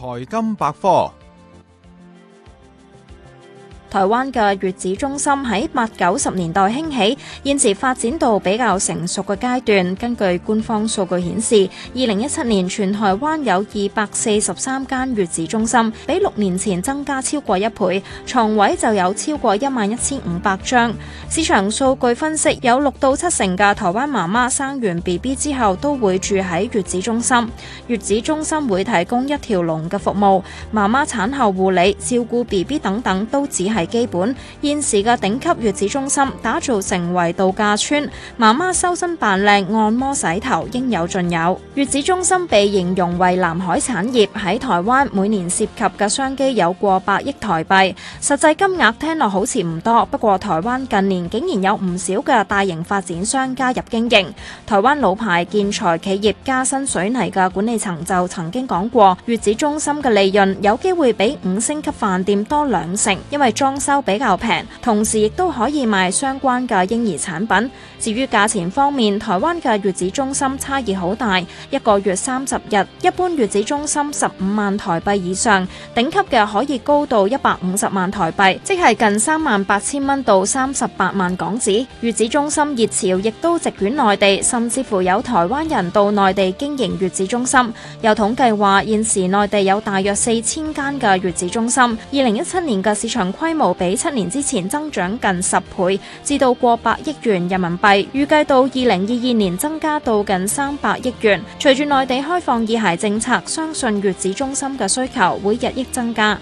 財經百科。台灣嘅月子中心喺八九十年代興起，現時發展到比較成熟嘅階段。根據官方數據顯示，二零一七年全台灣有二百四十三間月子中心，比六年前增加超過一倍，床位就有超過一萬一千五百張。市場數據分析，有六到七成嘅台灣媽媽生完 BB 之後都會住喺月子中心，月子中心會提供一條龍嘅服務，媽媽產後護理、照顧 BB 等等都只係係基本，現時嘅頂級月子中心打造成為度假村，媽媽修身扮靚、按摩、洗頭，應有盡有。月子中心被形容為藍海產業，喺台灣每年涉及嘅商機有過百億台幣實際金額聽落好似唔多。不過台灣近年竟然有唔少嘅大型發展商加入經營。台灣老牌建材企業嘉新水泥嘅管理層就曾經講過，月子中心嘅利潤有機會比五星級飯店多兩成，因為裝。裝修比較平，同時亦都可以賣相關嘅嬰兒產品。至於價錢方面，台灣嘅月子中心差異好大，一個月三十日，一般月子中心十五萬台幣以上，頂級嘅可以高到一百五十萬台幣，即係近三萬八千蚊到三十八萬港紙。月子中心熱潮亦都席捲內地，甚至乎有台灣人到內地經營月子中心。有統計話，現時內地有大約四千間嘅月子中心，二零一七年嘅市場規模。比七年之前增長近十倍，至到過百億元人民幣，預計到二零二二年增加到近三百億元。隨住內地開放二孩政策，相信月子中心嘅需求會日益增加。